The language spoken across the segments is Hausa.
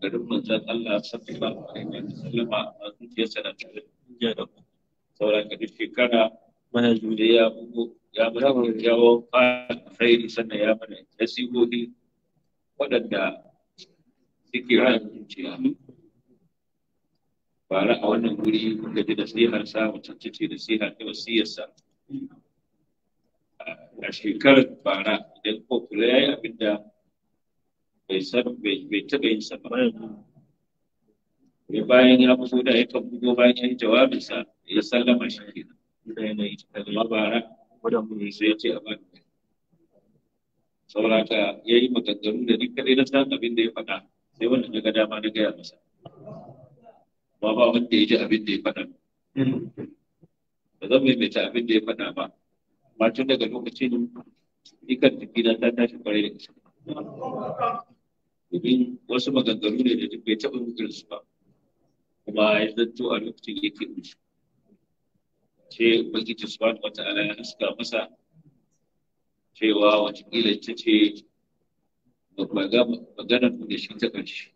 garin manzan Allah sallallahu alaihi wa sallam a zuciyarsa na cikin jiya da ku saura ka duk shekara mana zuriya uku ya mana kyakkyawan khairi sannan ya mana nasihohi waɗanda suke ran zuciya bara a wannan guri kuka ji nasihar sa mutunce ce nasihar ta wasiyarsa a shekarar bara idan ko kula ya yi bai taɓa yin sa ba sai bayan ya fito da yakan bugo bayan jawabinsa ya sallama shi ke da yanayi kalma bara wadda mun sai ya ce a bani Saurata ya yi maganganu da ni kadai na san abin da ya faɗa sai wanda na ga dama na gaya masa ba ba wanda ya ji abin da ya faɗa ba zan maimaita abin da ya faɗa ba ba tun daga lokacin ikan tafi na ta tashi kwarai da gaske domin wasu maganganu ne da duk bai taɓa mutum su ba kuma ya zanto a lokacin yake musu ce ubangiji wata ala ya haska masa cewa watakila ita ce maganar mu da shi ta ƙarshe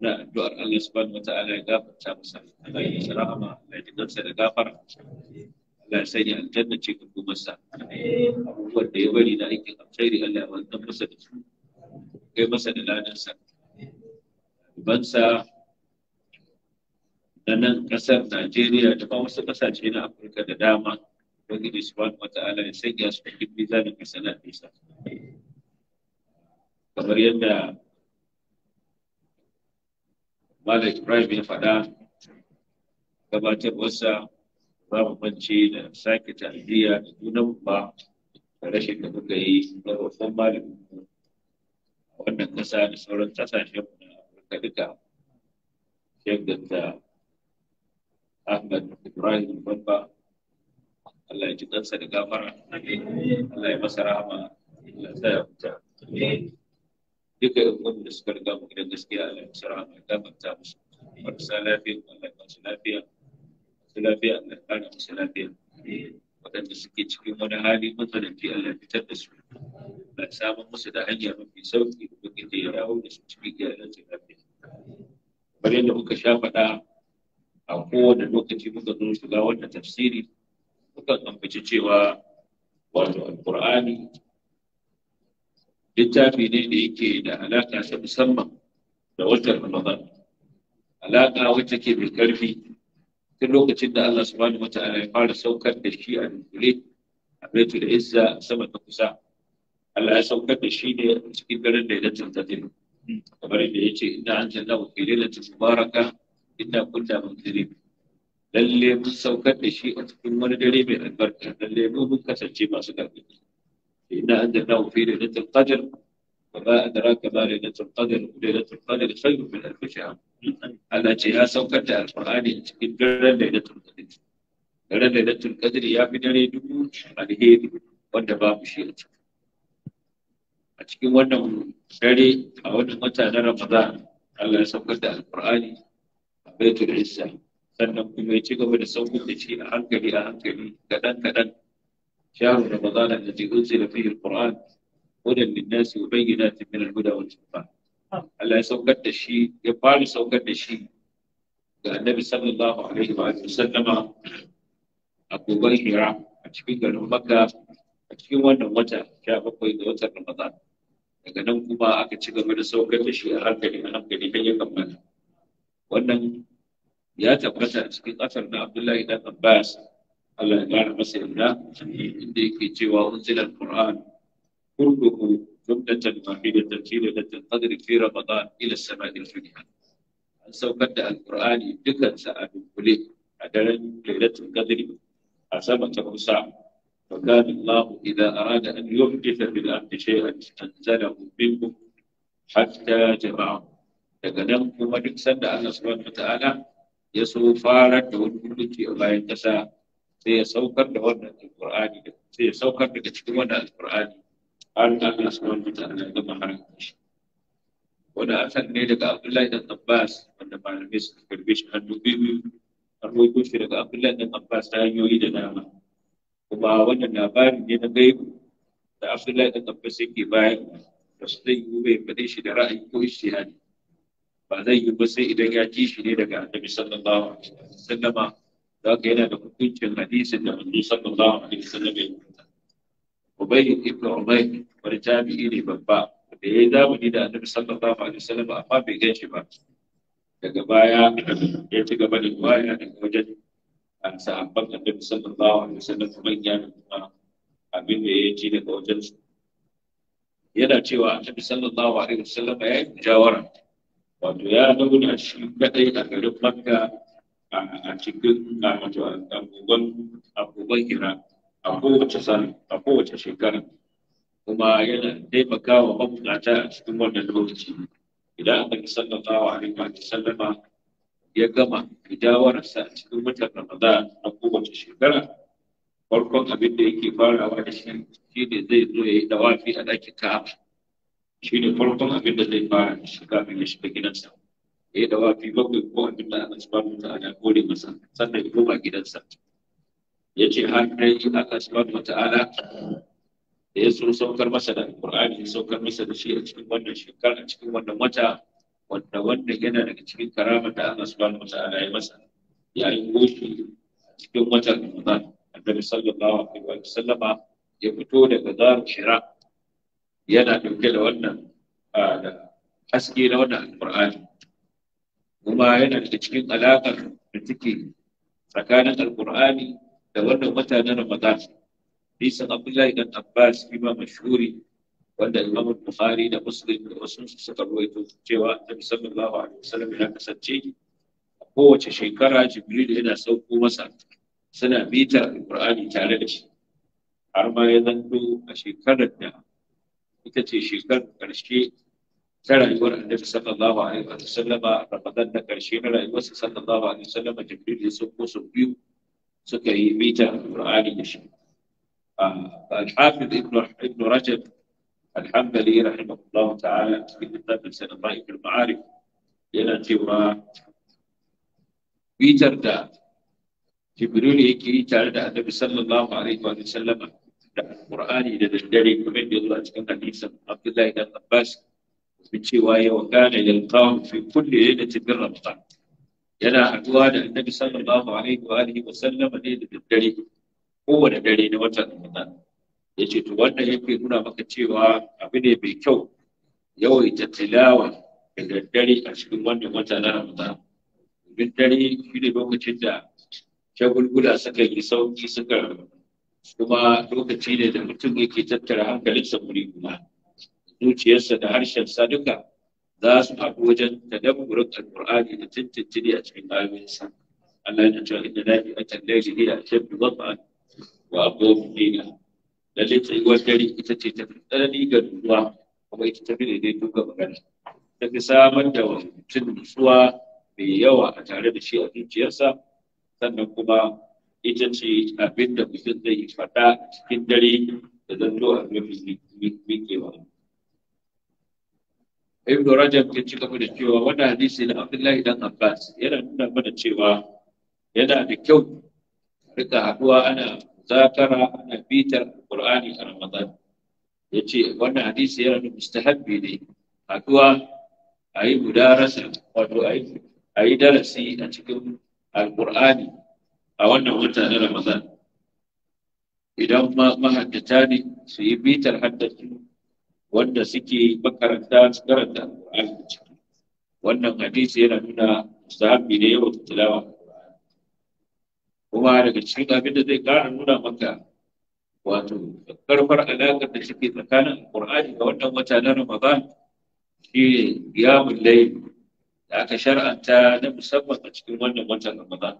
na addu'ar Allah subhanahu ala ya gafarta masa Allah ya yi rahama Allah ya ji nafsa da gafara Allah ya sanya aljanna ce ga masa abubuwan da ya bari na aikin alkhairi Allah ya wannan masa da su kai masa da ladansa bansa na nan ƙasar Najeriya da ba wasu ƙasashe na Afirka da dama Ubangiji subhanahu wa ta'ala ya sanya su cikin mizanin hasanat nisa kamar yadda Malam Ibrahim ya faɗa gabatarwarsa ba mu mance da sake tarbiyya da junan ba da rashin da muka yi na babban malamin wannan ƙasa da sauran ƙasashen na Afirka duka Sheikh ta Ahmad Ibrahim Babba Allah ya ji ɗansa da gafara Allah ya masa rahama Allah ya ya fita duka yan wanda suka riga mu gidan gaskiya Allah ya masa rahama ya gafarta musu marasa lafiya Allah ya ba su lafiya masu lafiya Allah ya ƙara lafiya waɗanda suke cikin wani hali matsananci Allah fitar da su ba samun musu da hanya mafi sauki da ya dawo da su cikin iyalansu lafiya kamar yadda muka sha faɗa a kowane lokaci muka zo shiga wannan tafsiri muka ambaci cewa wato alkur'ani littafi ne da yake da alaƙa ta musamman da watan ramadan alaƙa wacce ke mai ƙarfi duk lokacin da Allah subhanahu wa ta'ala ya fara saukar da shi a dunkule a baitul izza sama da kusa Allah ya saukar da shi ne cikin daren da ya ta tantatin kamar da ya ce inda an janna wa kilila ta mubaraka inda kunna munziri lalle mun saukar da shi a cikin wani dare mai albarka lalle mun kasance masu karfi inda an janna wa kilila ta qadr وما أدراك ما ليلة القدر ليلة القدر خير من ألف شهر Allah ce ya saukar da alƙur'ani cikin daren lailatul qadr daren lailatul qadr ya fi dare dubu wanda a a cikin wannan dare a wannan wata na Ramadan Allah ya saukar da alƙur'ani a baitul izza sannan kuma ya ci gaba da saukar da shi a hankali a hankali kaɗan kaɗan shahru ramadan alladhi unzila fihi alqur'an hudan linnasi wa bayyinatin min al-huda wal furqan Allah ya saukar da shi ya fara saukar da shi ga Annabi sallallahu alaihi wa sallama a kogon Hira a cikin garin maka, a cikin wannan wata bakwai ga watan Ramadan daga nan kuma aka ci gaba da saukar da shi a hankali a hankali har ya kammala wannan ya tabbata a cikin ƙasar na Abdullahi dan Abbas Allah ya ƙara masa yarda inda yake cewa unzila al-Qur'an كله جملة واحدة في ليلة القدر في رمضان إلى السماء الدنيا an saukar da alkur'ani dukansa a dunkule a daren lailatul qadri a sama ta kusa fa kana Allah idza arada an yuhditha bil ardi shay'an tanzalahu minhu hatta jama'a daga nan kuma duk sanda Allah subhanahu ya so farar da wani mulki a bayan kasa sai ya saukar da wannan alkur'ani sai ya saukar daga cikin wannan alkur'ani harta nasional kita dan kemaharan pada asal ni dekat Abdullah dan Abbas pada malam ni sekerbis Al-Nubim Al-Nubim si dekat Abdullah dan Abbas dan Yuri dan nama kebahawan dan nabar ni negeri dan Abdullah dan Abbas yang kibayang pasti Yuri pada si darah ikut isyihan pada Yuri besi dan gaji si ni dekat Nabi Sallallahu Alaihi Wasallam dan kena dokumen cengadi sedang Nabi Sallallahu Alaihi Wasallam Ubayy ibn Umayr wani jami'i ne babba da ya yi zamani da Annabi sallallahu alaihi wasallam amma bai shi ba daga baya ya ci gaba da riwaya daga wajen sahabban Annabi sallallahu alaihi wasallam ya da kuma abin da ya ji daga wajen su yana cewa Annabi sallallahu alaihi wasallam ya yi jawara wato ya nuna shi kadai a garin Makka a cikin wato abubuwan agogon Hira a kowace sani a kowace shekara kuma yana taimakawa mabukata a cikin wannan lokaci idan annabi sallallahu alaihi wa sallama ya gama hidawarsa a cikin watan ramadan a kowace shekara farkon abin da yake farawa da shi shi ne zai zo ya yi dawafi a ɗakin ka'aba shi ne farkon abin da zai fara da shi kafin ya shiga gidansa ya yi dawafi bakwai ko abin da ana subhanahu mutu a kore masa sannan ya koma gidansa ya ce har dai Allah subhanahu wata'ala da ya so saukar masa da Alƙur'ani ya saukar masa da shi a cikin wannan shekara a cikin wannan wata wanda wanda yana daga cikin karama da Allah subhanahu wata'ala ya masa ya yi goshi cikin wata Ramadan annabi sallallahu alaihi wa sallama ya fito daga zaru shira yana dauke da wannan da haske na wannan Alƙur'ani kuma yana daga cikin alaƙar da take tsakanin Alƙur'ani da wannan wata na Ramadan bisan Abdullahi dan Abbas imam mashhuri wanda Imam Bukhari da Muslim da wasu suka rawaito cewa Annabi sallallahu alaihi wasallam ya kasance kowace shekara Jibril yana sauko masa suna bitar Al-Qur'ani tare da shi har ma ya zanto a shekarar da ita ce shekarar karshe, ta rayuwar annabi sallallahu alaihi wasallam a ramadan da karshe na rayuwarsa sallallahu alaihi wasallam jibril ya sauko sau biyu suka yi bitan Qur'ani da shi al-Hafiz ibn ibn Rajab al-Hanbali rahimahullahu ta'ala cikin littafin sa da Ba'ikul Ma'arif yana cewa bitar da Jibril yake yi tare da Annabi sallallahu alaihi wa sallama da Qur'ani da daddare kuma da zuwa cikin hadisin Abdullahi dan Abbas cewa ya wakana lil qawm fi kulli lailatin min Ramadan yana haduwa da annabi sallallahu alaihi wa alihi wa ne da daddare kowane dare na watan Ramadan yace to wannan yake nuna maka cewa abu ne mai kyau yawaita tilawa da daddare a cikin wannan wata na Ramadan domin dare shi ne lokacin da shagulgula suka yi sauki suka kuma lokaci ne da mutum yake tattara hankalinsa wuri kuma zuciyarsa da harshensa duka za su haɗu wajen tadabburin alƙur'ani da tintintini a cikin ayoyinsa Allah ya cewa inna lafi a tallaji hiya a shabbi wafa wa abubuwan hina lalle tsayuwar dare ita ce ta fi tsanani ga nutsuwa kuma ita ta fi daidaito ga magana ta fi samar da mutum nutsuwa mai yawa a tare da shi a zuciyarsa sannan kuma ita ce abin da mutum zai faɗa cikin dare da zato a mafi miƙewa. ibn rajab ya ci gaba da cewa wannan hadisi na abdullahi dan abbas yana nuna mana cewa yana da kyau rika haduwa ana zakara ana bitar qur'ani a ramadan ya ce wannan hadisi yana da mustahabbi ne haduwa a yi mudarasa wato a yi darasi a cikin al alqur'ani a wannan wata na ramadan idan mahaddata ne su yi bitar haddasu wanda suke makaranta su karanta al da ciki wannan hadisi yana nuna sahabi ne yawan tilawa kuma daga cikin abin da zai ƙara nuna maka wato karfar alaƙar da suke tsakanin Al-Qur'ani da wannan wata na ramadan shi ya mulai da aka shar'anta na musamman a cikin wannan watan ramadan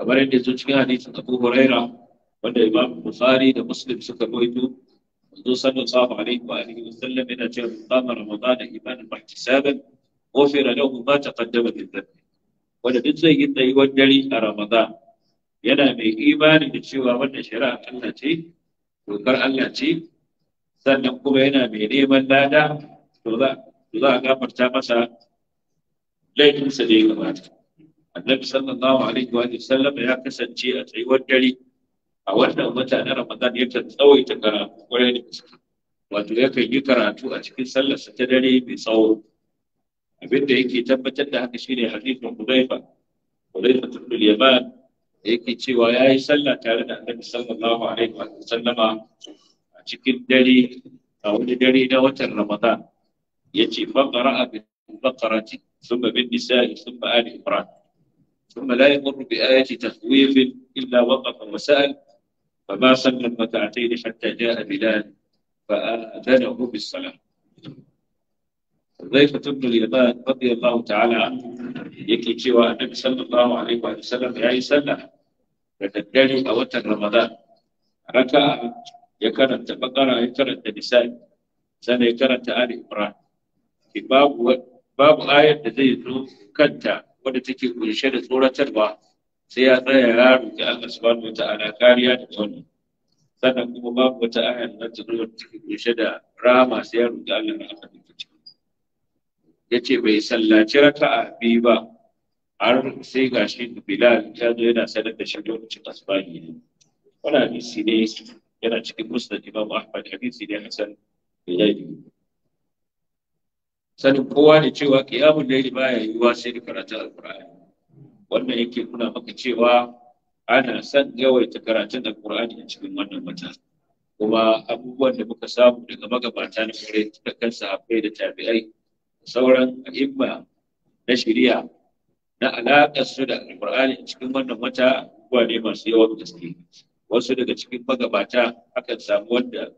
kamar yadda zo cikin hadisin abu huraira wanda Imam Bukhari da Muslim suka rawaito manzo sallallahu alaihi wa alihi wa sallam yana cewa qama ramadana imanan wa ihtisaban ghufira lahu ma taqaddama min dhanbi wanda duk zai yi tsayuwar dare a Ramadan yana mai imani da cewa wannan shari'a Allah ce dokar Allah ce sannan kuma yana mai neman lada to za a gafarta masa laifinsa da ya gabata annabi sallallahu alaihi wa sallam ya kasance a tsayuwar dare a wannan wata na Ramadan yakan tsawaita karatu kwarai da gaske wato kan yi karatu a cikin sallarsa ta dare mai tsawo abin da yake tabbatar da haka shine hadisin Hudayfa Hudayfa ibn al-Yaman yake cewa yayi sallah tare da Annabi sallallahu alaihi wa sallama a cikin dare a wani dare na watan Ramadan yace fa qara'a bi baqarati thumma bin nisa'i thumma ali imran ثم لا يمر بآية تخويف إلا وقف وسأل فما سلم المتعتين حتى جاء بلال فآذنه بالصلاة ضيفة ابن اليمان رضي الله تعالى عنه يكي شوى النبي صلى الله عليه وسلم يا يسلى فتدني أوت رمضان ركع يكرة بقرة يكرة النساء سنة يكرة آل إبراهيم في باب باب آية زي كنت ولا تكي من شر سورة الواحد sai ya tsaya ya roƙi Allah subhanahu wa ta'ala kariya da wannan sannan kuma babu wata aya da ta zo take kunshe da rama sai ya roƙi Allah da aka dinka ciki yace bai sallaci raka'a biyu ba har sai gashi da Bilal ya zo yana sanar da shi lokacin asbani ne wannan hadisi ne yana cikin musnad Imam Ahmad hadisi ne Hassan Bilal sanin kowa ne cewa kiyamul layli baya yiwuwa sai da karatu alqur'ani wannan yake nuna maka cewa ana son yawaita karatun alkur'ani a cikin wannan wata kuma abubuwan da muka samu daga magabata na kare da kan sahabbai da tabi'ai sauran a'imma na shari'a na alaƙar su da alkur'ani a cikin wannan wata abubuwa ne masu yawan gaske wasu daga cikin magabata akan samu wanda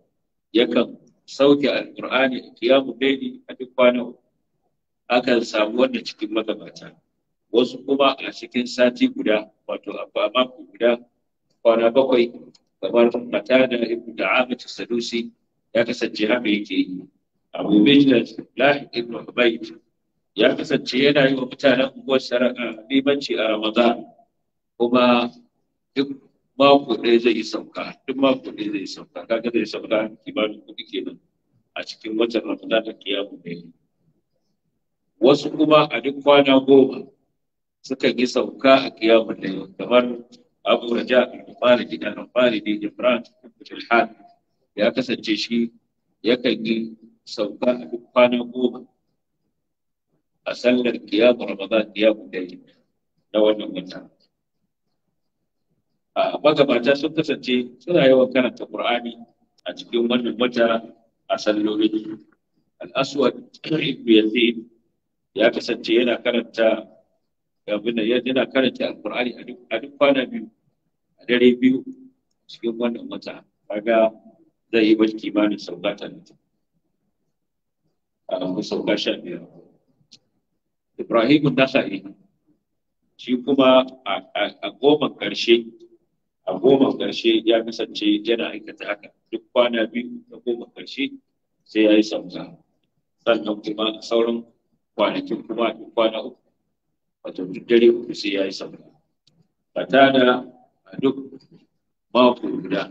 yakan sauke alkur'ani a kiyamun daidai a duk kwanan akan samu wanda cikin magabata wasu kuma a cikin sati guda wato a mako guda kwana bakwai kamar ibu da amince sadusi ya kasance haka yake yi abu bijlan lahi ibn hubayt ya kasance yana yi wa mutanen unguwar limanci a ramadan kuma duk mako ɗaya zai yi sauka duk mako ɗaya zai yi sauka kaga zai sauka kimanin kuɗi kenan a cikin watan ramadan da kiyamu ne wasu kuma a duk kwana goma sukan yi sauka a kiyamun da kamar abu raja al-faridi da al-faridi jibran al ya kasance shi ya kan yi sauka a duk kwana goma a sallar kiyamun ramadan kiyamun da na wannan wata a magabata sun kasance suna yawan karanta qur'ani a cikin wannan wata a sallolin al-aswad ibn yazid ya kasance yana karanta abin da yana karanta alkur'ani a duk kwana biyu a dare biyu cikin wannan wata kaga zai yi wani kimanin sauka talatin a sauka sha biyar ibrahim nasa'i shi kuma a goma ƙarshe a goma ƙarshe ya misance yana aikata haka duk kwana biyu na goma ƙarshe sai ya yi sauka sannan kuma sauran kwanakin kuma duk kwana uku wato duk dare uku sai ya yi sabka fatada a duk mako guda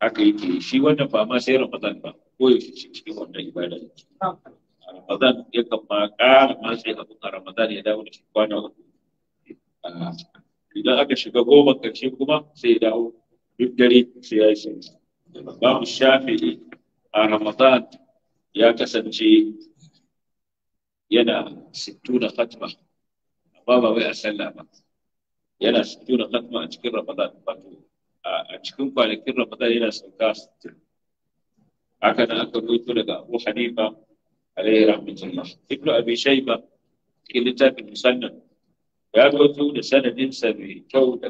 haka yake shi wannan ba ma sai ramadan ba ko yaushe cikin wannan ibada a ramadan ya kan ma ƙara ma sai abu a ramadan ya dawo da shi kwana uku idan aka shiga goma ƙarshe kuma sai ya dawo duk dare sai ya yi babu shafi a ramadan ya kasance yana sittuna fatima. بابا وي اسلا بات يانا سكيونا ختم اتكر رمضان باتو اتكن قال كر رمضان يانا سكاس اكن أكو ويتو لغا ابو حنيفه عليه رحمه الله ابن ابي شيبه في كتاب المسند يا بوتو لسند سبي تو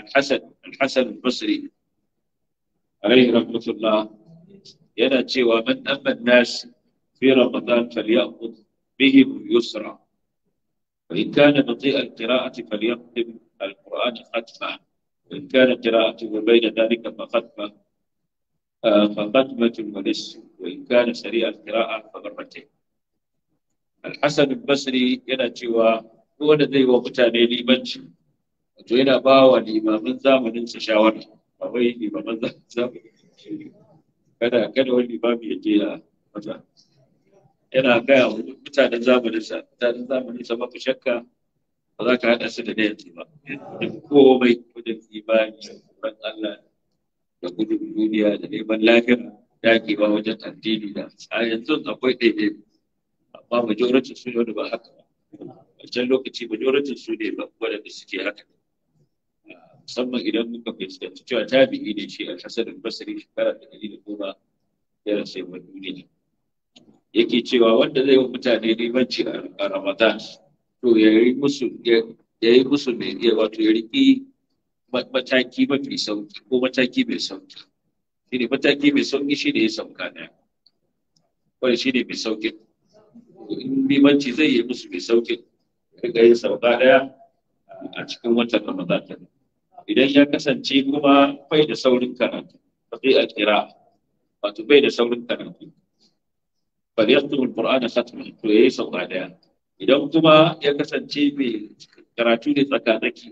الحسن الحسن البصري عليه رحمه الله يانا تشي ومن اما الناس في رمضان فليأخذ بهم يسرا وإن كان بطيء القراءة فليختم القرآن ختمة وإن كان قراءته بين ذلك فختمة آه، فختمة ونس وإن كان سريع القراءة فمرتين الحسن البصري يلا جوا هو الذي وقتاني لي منش وجينا با والإمام الزامن انسى شاور وهي الإمام الزامن كذا كذا والإمام يجينا yana gaya wa mutanen zamanin sa mutanen zamanin sa babu shakka ba za ka haɗa su da na yanzu ba duk komai gudun imani ban Allah da gudun duniya da neman lafiya ba wajen addini da a yanzu akwai ɗaiɗai amma majoratin su ne ba haka ba can lokaci majoratin su ne ba waɗanda suke haka musamman idan muka fahimci cewa tabi'i ne shi a kasar basari shekara da ɗari da goma ya rasa yawan duniya yake cewa wanda zai wa mutane limanci a ramadan to ya yi musu ya yi wato ya riƙi mataki mafi sauki ko mataki mai sauki shi ne mataki mai sauki shi ne ya sauka na wani shi ne mai sauki in limanci zai yi musu mai sauki ga yin sauka ɗaya a cikin watan ramadan idan ya kasance kuma bai da saurin karatu ba zai a kira wato bai da saurin karatu bal yaktubu alqur'ana khatman to yayi sauka daya idan kuma ya kasance mai karatu ne tsakatsaki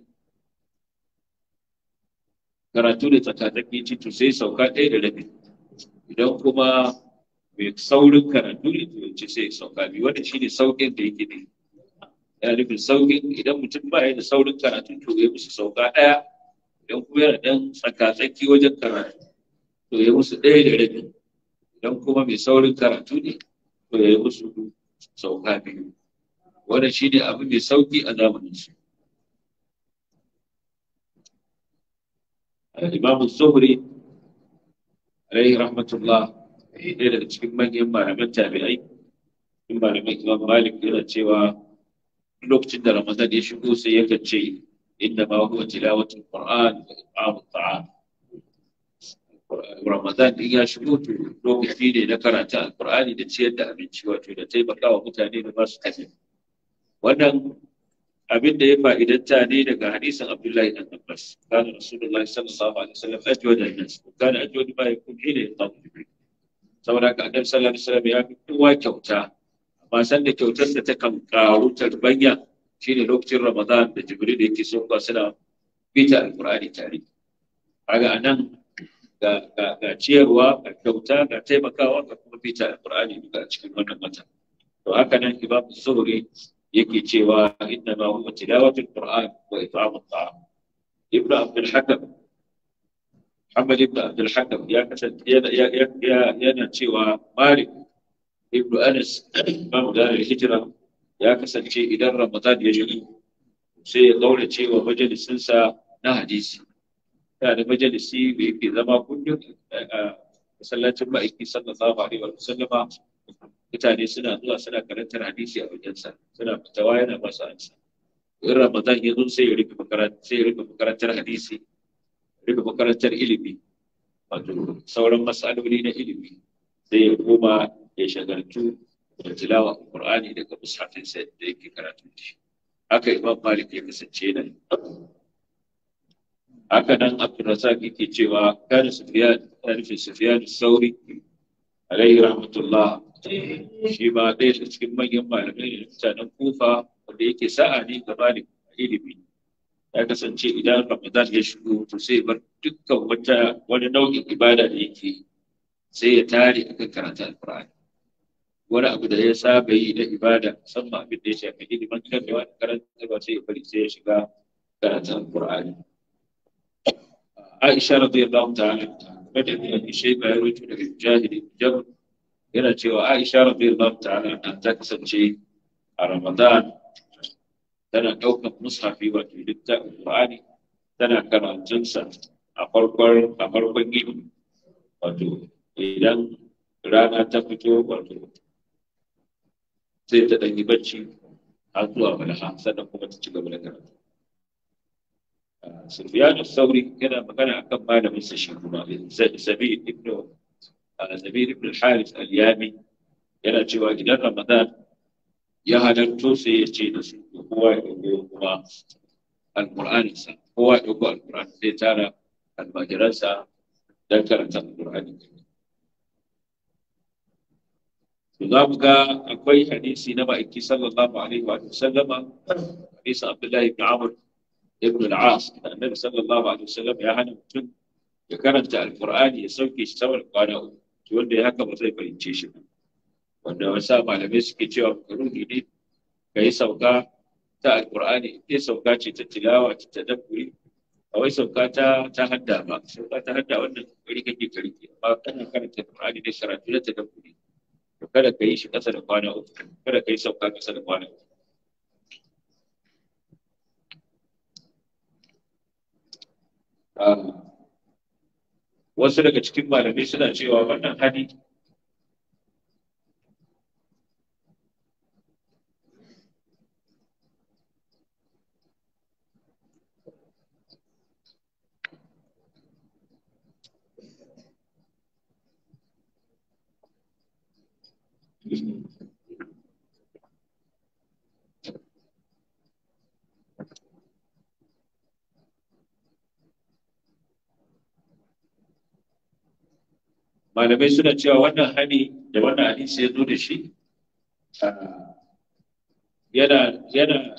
karatu ne tsakatsaki ci to sai sauka ɗaya da rabi idan kuma mai saurin karatu ne to ce sai sauka biyu wanda shi ne saukin da yake ne ya nufin saukin idan mutum ba ya da saurin karatu to ya musu sauka ɗaya idan kuma yana ɗan tsakatsaki wajen karatu to ya musu ɗaya da rabi idan kuma mai saurin karatu ne to ya yi sauka biyu wannan shi ne abu mai sauki a zamanin su imamu zuhri alaihi rahmatullah ɗaya daga cikin manyan malaman tabi'ai in malaman imam malik yana cewa lokacin da ramadan ya shigo sai yakan ce inda ma huwa tilawatul qur'an wa iqamut ramadan din ya shigo to lokaci ne na karanta alkur'ani da ciyar da abinci wato da taimaka wa mutane da su kaje. wannan abin da ya fa'idanta ne daga hadisin abdullahi dan abbas kana rasulullahi sallallahu alaihi wasallam ajwa da nas kana ajwa da bai kun ya yatabu saboda ka annabi sallallahu alaihi wasallam ya fi kowa kyauta amma san da kyautar da ta kan karu tarbanya shine lokacin ramadan da jibril yake so ba suna bita alkur'ani tare kaga anan ga ciyarwa ga kyauta ga taimakawa ga kuma bita alqur'ani duka a cikin wannan mata to haka nan imam zuhri yake cewa inna ma huwa tilawatul qur'an wa it'amut ta'am ibn abdul hakim Muhammad ibn Abdul Hakam ya kasance yana cewa Malik ibn Anas Imam Darul Hijra ya kasance idan Ramadan ya yi sai ya kaura cewa majalisinsa na hadisi da majalisi da yake zama kullum a masallacin ma'aiki sallallahu alaihi wa sallama mutane suna zuwa suna karantar hadisi a wajensa suna fitawa yana masu ansa in ramadan ya zo sai ya rufe sai ya makarantar hadisi rufe makarantar ilimi wato sauran masaloli na ilimi sai ya koma ya shagaltu da tilawa qur'ani daga musafin sai da yake karatu haka imam malik ya kasance nan haka nan abdurrazak yake cewa kana sufiyan sufiya da sauri alaihi rahmatullah eh, shi ba dai da cikin manyan malamai da nan kufa wanda yake sa'a ne gaba da ilimi ya kasance idan ramadan ya shigo to sai bar dukkan wata wani nau'in ibada da yake sai ya tare akan karanta qurani wani abu da ya saba yi na ibada musamman abin da ya shafi ilimin kan da wani karanta ba sai ya bari sai ya shiga karanta qurani Aisha radiyallahu ta'ala game da shi Shayba ya da daga Mujahid ibn Jabr yana cewa Aisha radiyallahu ta'ala ta kasance a Ramadan tana ɗaukar mushafi wa littafin Qur'ani tana sa a farkon a farkon gidi wato idan rana ta fito wato sai ta yi bacci har zuwa malaha sannan kuma ta ci gaba da karatu Sufyan sauri yana magana akan malamin sa shi kuma Zabi ibn Zabi ibn yana cewa gidan Ramadan ya halarto sai ya ce da su kowa ya ɗauko kuma alƙur'anin tara almajiransa don karanta za mu ga akwai hadisi na ma'aiki sallallahu alaihi wa sallama hadisi Abdullahi ibn Amr ibn al-as annabi sallallahu alaihi wasallam ya hana mutum ya karanta alqur'ani ya sauke shi saboda kwana uku to wanda ya haka ba zai fahimce shi ba wanda wasa malamai suke cewa ruhi ne kai sauka ta alqur'ani ita sauka ce ta tilawa ta tadabburi a wai sauka ta ta hadda sauka ta hadda wannan kokari kake karki amma kana karanta alqur'ani ne sharatu ta tadabburi to kada ka yi shi kasa da kwana uku kada ka yi sauka kasa da kwana wasu daga cikin malamai suna cewa wannan hadisi malamai suna cewa wannan hani da wannan hadisi ya zo da shi ah, yana yana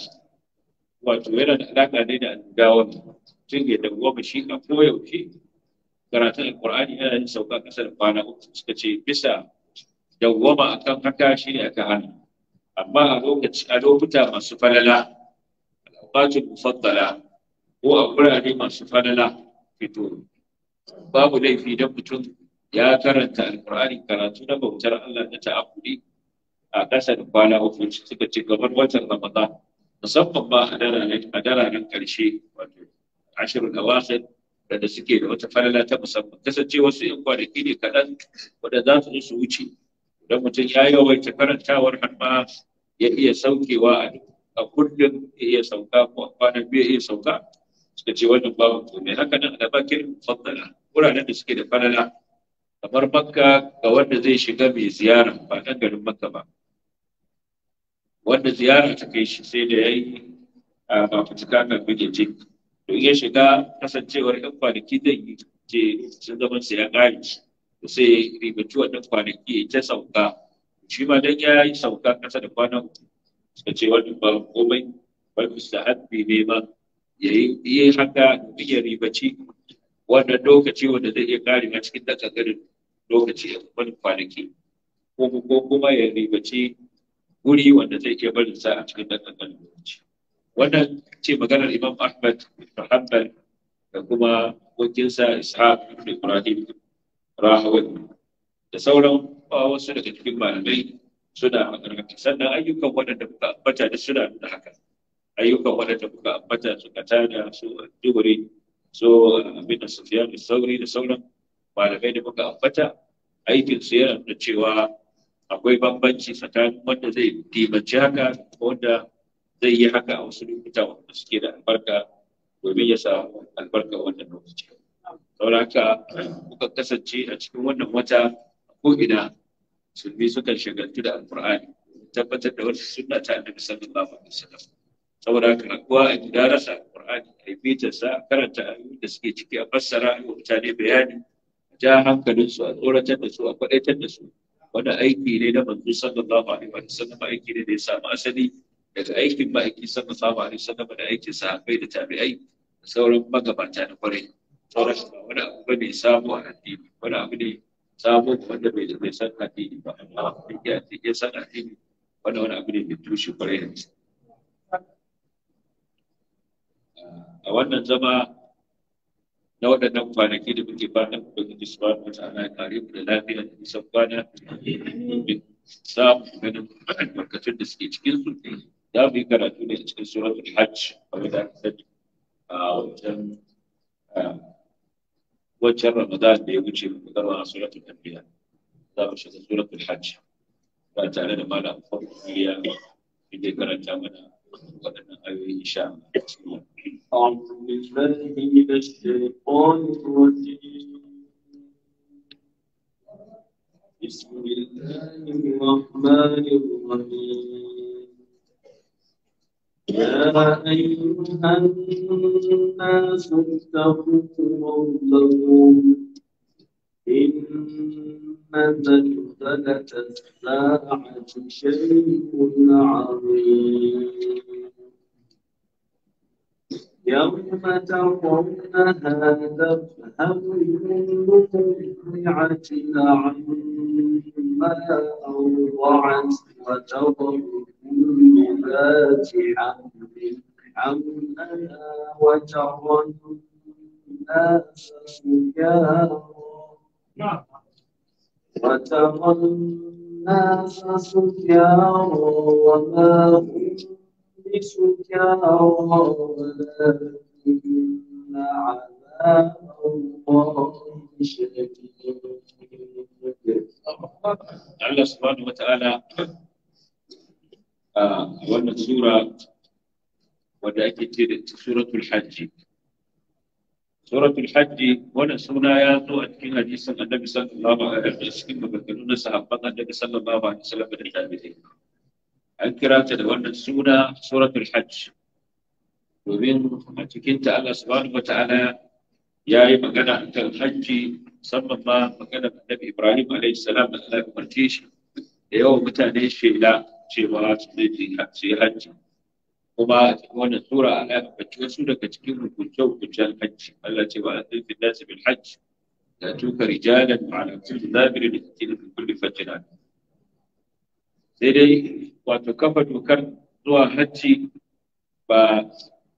wato yana da alaƙa ne da gawa tun ya goma shi a koyaushe karatun alƙur'ani yana yin sauka ƙasa da kwana uku suka ce bisa da dawwama akan haka shi ne aka hana amma a lokaci a lokuta masu falala al'abatul mufaddala ko a gurare masu falala fito babu laifi don mutum ya karanta alkur'ani karatu na bautar Allah na ta'abudi a ƙasa da kwana uku suka ci gaban watan ramadan musamman ba a dararen ƙarshe wato ashirin da wasan da suke da wata falala ta musamman kasance wasu yan kwanaki ne kaɗan wanda za su su wuce idan mutum ya yawaita karantawar har ma ya iya saukewa a kullum ya iya sauka ko a kwanan biyu ya iya sauka suka ce wannan babu komai haka nan da bakin fadala wuraren da suke da falala kamar makka ga wanda zai shiga mai ziyara ba ɗan garin makka ba wanda ziyara ta kai shi sai da ya yi a fafutuka kan ce to iya shiga kasancewar yan kwanaki zai yi ce sun zama sai ya ƙari to sai ribatu wannan kwanaki ya ta sauka shi ma dan ya yi sauka kasa da kwana uku suka ce wani ba komai da mustahabbi ne ba?" ya yi haka duk ya ribaci wannan lokaci wanda zai iya karewa cikin dakagarin lokaci ya kuma kwanaki ko kuma ya ribaci wuri wanda zai iya barin sa a cikin dakagarin lokaci wannan ce maganar imam ahmad ibn hanbal da kuma wakinsa ishaq ibn ibrahim rahawi da sauran wasu daga cikin malamai suna magana sannan ayyukan waɗanda muka ambata da suna da haka ayyukan waɗanda muka ambata su Katana, su dubure so abin da sufiyan da sauri da sauran malamai da muka ambata aikin su yana da cewa akwai bambanci tsakanin wanda zai dimanci haka wanda zai yi haka a wasu lokuta wanda suke da albarka domin ya samu albarka wannan lokaci saboda haka kuka kasance a cikin wannan wata ko ina musulmi sukan shagaltu da alfur'ani tabbatar da wata suna ta annabi sallallahu alaihi wasallam saboda haka rakuwa a gida rasa Qur'ani a bitar sa a karanta ayoyi da suke ciki a fassara a mutane bayani ja hankalin su a tsoratar da su a kwadaitar da su wani aiki ne na manzo sallallahu alaihi wa sallam aiki ne da ya samu asali daga aikin ma'aiki sallallahu alaihi wa sallam da aikin kai da tabi'ai da sauran magabata na kwarai sauransu ba wani abu ba ne samu a addini wani abu ne samu wanda bai san addini ba amma ya san addini wani wani abu ne mai tushe kwarai da gaske a wannan zama na waɗannan kwanaki da muke fatan Ubangiji subhanahu wa ta'ala ya kare mu da lafiya da nisan kwana domin samun ganin albarkatun da suke cikin su za mu yi karatu ne a cikin suratul hajj kamar da aka sani a wajen wancan ramadan da ya wuce mu karwa a suratul anbiya za mu shiga suratul hajj ba tare da malam fadliya yake karanta mana waɗannan ayoyi insha Allah. أعوذ بالله من بسم الله الرحمن الرحيم يا أيها الناس اتقوا ربكم إن زلزلة الساعة شيء عظيم يوم ترونها تذهب كل مرضعة عما أوضعت وتضع كل ذات حمل حملها وترى الناس سكارى وترى الناس سكارى وما هم بسكارى ولكن عذاب الله شديد الله سبحانه وتعالى a wannan sura wadda ake ce da suratul suratul hajji wannan suna ya zo a cikin hadisin annabi sallallahu alaihi wasallam cikin maganganu sahabban annabi sallallahu alaihi da tabi'i an kira ta da wannan suna suratul hajj domin a cikin ta Allah subhanahu wataala ya yi magana akan hajji musamman ma magana annabi Ibrahim alaihi da yawan mutane shaida cewa hajji kuma a cikin wannan sura Allah ya ambaci wasu daga cikin hukunce-hukuncen hajji Allah ce ba a tsinfi nasi bil hajji da tuka rijalan ma'ana kullu zabirin da suke da kullu fajjina sai dai wato kafa dokar zuwa hajji ba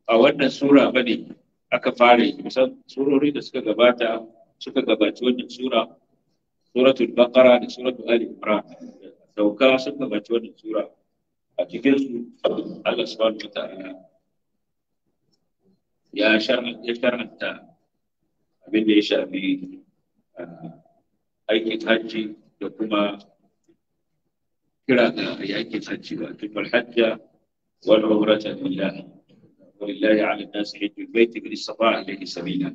a wannan sura ba ne aka fara yi kusan surori da suka gabata suka gabaci wannan sura suratul baqara da suratul ali imran sauka sun gabaci wannan sura a cikin su Allah subhanahu wa ta'ala ya sharanta abin da ya shafi aikin hajji da kuma kira ga yakin hajji wa tukul hajja wal umrata lillah walillahi ala an-nas hajju al-bayt bi istita'a ilayhi sabila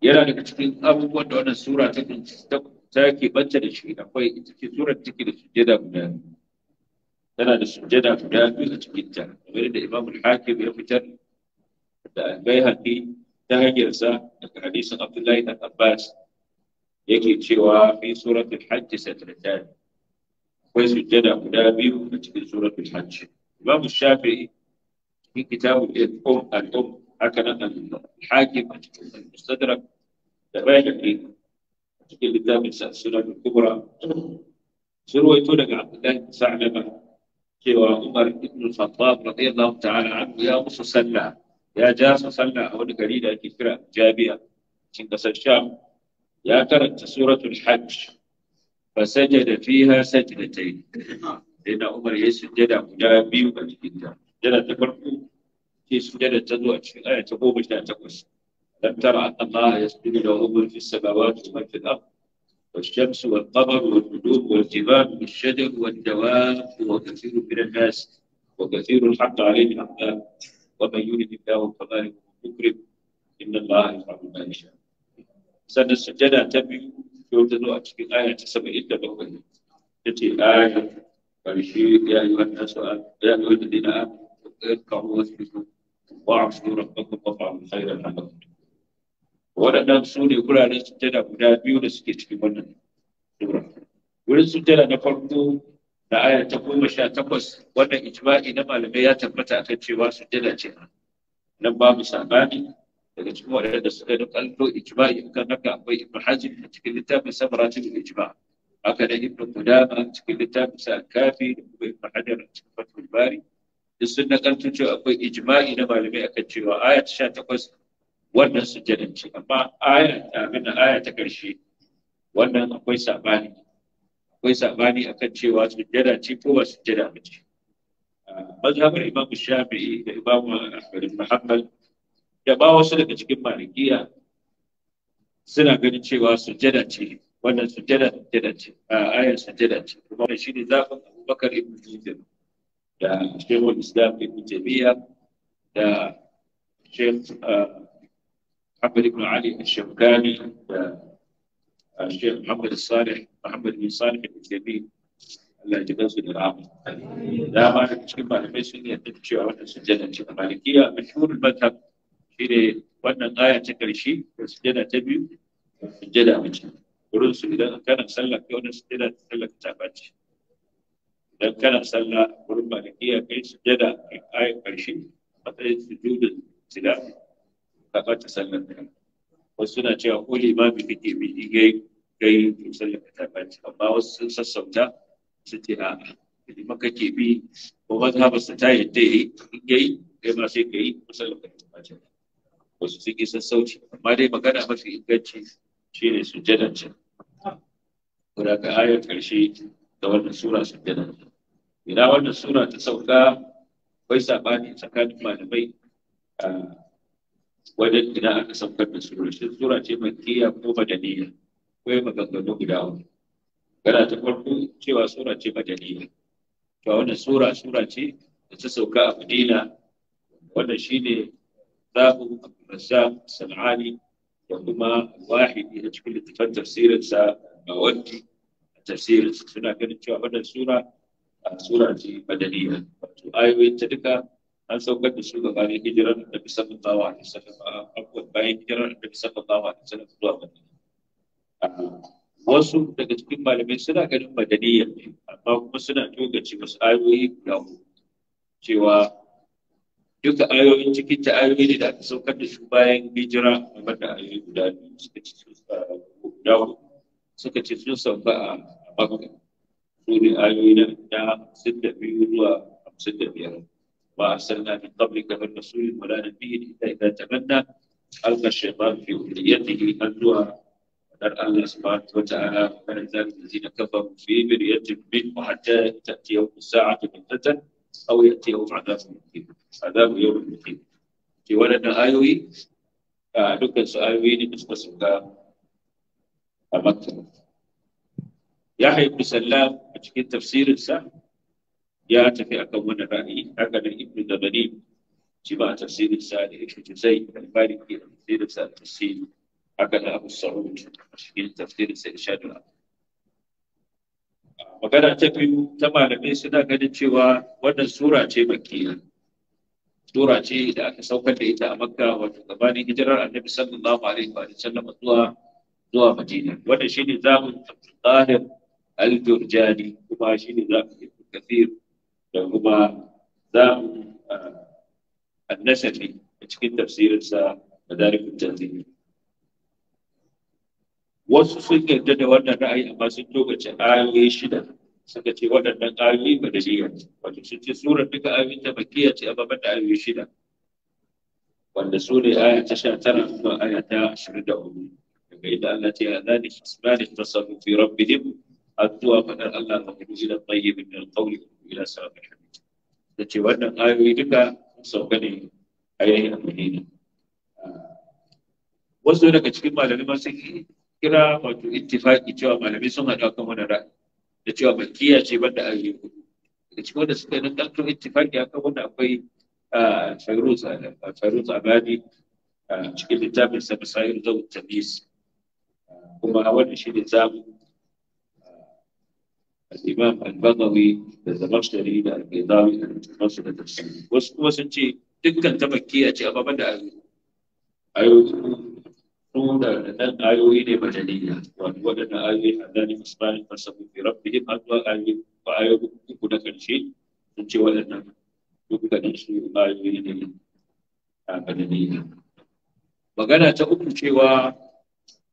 yana daga cikin abubuwan da wannan sura ta ta ke banta da shi akwai ita ce surar take da sujjada guda tana da sujjada guda biyu a cikinta ta kamar da Imam hakim ya fitar da al-Baihaqi ta hanyar sa daga hadisin Abdullahi ibn Abbas yake cewa fi suratul hajj satratan akwai sujjada guda biyu a cikin suratul hajj Imam Shafi'i cikin kitabul al-Um al-Um haka nan al-Hakim a cikin al-Mustadrak da Baihaqi cikin littafin sa al kubra sun ruwaito daga abdullahi sa'laba cewa umar ibn al-khattab radiyallahu ta'ala anhu ya musu sallah ya ja su sallah a wani gari da ake kira jabiya cikin kasar sham ya karanta suratul hajj sajada fiha sajdatayn dai da umar ya sujjada guda biyu a cikin ta sujjada ta farko ke sujjada ta zuwa cikin aya ta goma sha takwas لم ترى أن الله يسجد له من في السماوات ومن في الأرض والشمس والقمر والنجوم والجبال والشجر والدواب وكثير من الناس وكثير الحق عليه العذاب ومن يرد الله فما له مكرم إن الله يفعل ما يشاء. سنة السجدة تبي يوردنوا أشكال آية 77 التي آية فالشيء يا أيها الناس يا أيها الذين آمنوا اذكروا واذكروا واعبدوا ربكم وافعلوا خيرا تفلحون waɗannan su ne wuraren sujjada guda biyu da suke cikin wannan sura wurin sujjada na farko da aya ta goma sha takwas wannan ijma'i na malamai ya tabbata akan cewa sujjada ce nan babu sabani daga cikin waɗanda suka da kallo ijma'i kan haka akwai ibnu hazm a cikin littafin sabaratul ijma' haka da ibnu qudama cikin littafin sa kafi da kuma ibnu hajar a cikin fatul bari duk sun nakalto cewa akwai ijma'i na malamai akan cewa aya ta sha takwas wannan sujjadan ce amma aya abin da aya ta ƙarshe wannan akwai sabani akwai sabani akan cewa sujjada ce ko ba sujjada ba ce mazhabar imam shafi'i da imam ahmad ibn hanbal da ba wasu daga cikin malikiya suna ganin cewa sujjada ce wannan sujjada sujjada ce ayar sujjada ce kuma shi ne zafin abubakar ibn jubair da shehul islam ibn jamiya da shehu uh, Muhammad ibn Ali al da Sheikh Muhammad Salih Muhammad bin Salih al-Jami Allah ya jikansu da rahama da ma malamai sun yadda cewa wannan sujjada ce a malikiya mashhurul madhhab shine wannan aya ta karshe da sujjada ta biyu sujjada mace wurin su idan kana sallah kai wannan ta sallah ta idan sallah wurin kai kakar ta sallar ta wasu suna cewa ko limami kake bi gai gai to sallar ta bace amma wasu sun sassauta su ce a liman kake bi ko mazhabar sa ta yadda yi? in yayi kai ma sai kai sallar ta bace wasu sun yi sassauci amma dai magana mafi inganci shi ne su jadance guda ka ayar ƙarshe da wannan sura jadance ina wannan sura ta sauka akwai saɓani tsakanin malamai ah, wajen ina aka saukar da sura shi sura ce makkiya ko madaniya akwai maganganu guda uku Gara ta farko cewa sura ce madaniya to a wannan sura sura ce da ta sauka a madina wannan shi shine zahu abdurrazzaq sal'ani da kuma wahidi a cikin littafin tafsirinsa mawaddi a tafsirinsa suna ganin cewa wannan sura a sura ce madaniya wato ayoyin ta duka an saukar da su gabanin hijirar da bisa sallallahu a wasallam abubuwan bayan hijirar da bi a alaihi wasallam zuwa madina ah, wasu daga cikin malamai suna ganin madani ne amma kuma suna togace wasu ayoyi guda cewa duka ayoyin cikin ta ayoyi ne da aka saukar da su bayan hijira a mata ayoyi guda suka ce sun guda suka ce sun sauka a makka su ne ayoyi na hamsin da biyu zuwa hamsin da biyar وأرسلنا من قبلك من رسول ولا نبي إلا إذا تمنى ألقى الشيطان في أمنيته الدعاء نرى الله سبحانه وتعالى من ذلك الذين كفروا في مرية منه حتى تأتي يوم الساعة بغتة أو يأتي يوم عذاب مقيم عذاب يوم مقيم في ولدنا آيوي dukkan سؤال ويني ne da suka sauka a Makka. تفسير ibn ya tafi akan wannan ra'ayi haka da ibn gabani shi ba a tafsirin sa da ibn juzai al-bari ke tafsirin sa da tafsiri haka da abu sa'ud cikin tafsirin sa ishadul magana ta biyu ta malamai suna ganin cewa wannan sura ce makkiya sura ce da aka saukar da ita a makka wato gabanin hijirar annabi sallallahu alaihi wa sallam zuwa zuwa madina wannan shine zamu tafsirin al-jurjani kuma shine zamun ibn kathir da kuma za mu annasafi a cikin tafsirinsa da darikin tanzini wasu sun yarda da wannan ra'ayi amma sun tokace ayoyi shida suka ce waɗannan ayoyi ba da wato sun ce surar duka ayoyi ta bakiya ce amma ba da ayoyi shida wanda su ne aya ta sha tara zuwa aya ta ashirin da hudu daga inda Allah ce ya zani ismani tasaru fi rabbihim har zuwa faɗar Allah ka hudu ila tsayyibin min alƙawli ila sa'atul hamid da ce wannan ayoyi duka sauka ne a madina ah, wasu daga cikin malamai ma sun kira wato ittifaqi cewa malamai sun haɗa kan wani ra'ayi da cewa malkiya ce banda ayoyi hudu daga cikin wanda suka yi nan ɗanto ittifaqi akan wanda akwai ah, fairuz fairuz abadi ah, cikin littafin sa masail zawut tamis kuma wannan shi ne zamu al-imam al-bagawi da zamakshari da al-qidawi da al da tafsir wasu kuma sun ce dukkan tabakki a ce amma banda ayoyi ayoyi sun da nan ayoyi ne majaliya wato waɗannan ayoyi hadani fasbani fasabu fi rabbihim hadwa ayoyi ba ayoyi uku na karshe sun ce waɗannan dukkanin su ayoyi ne a majaliya magana ta uku cewa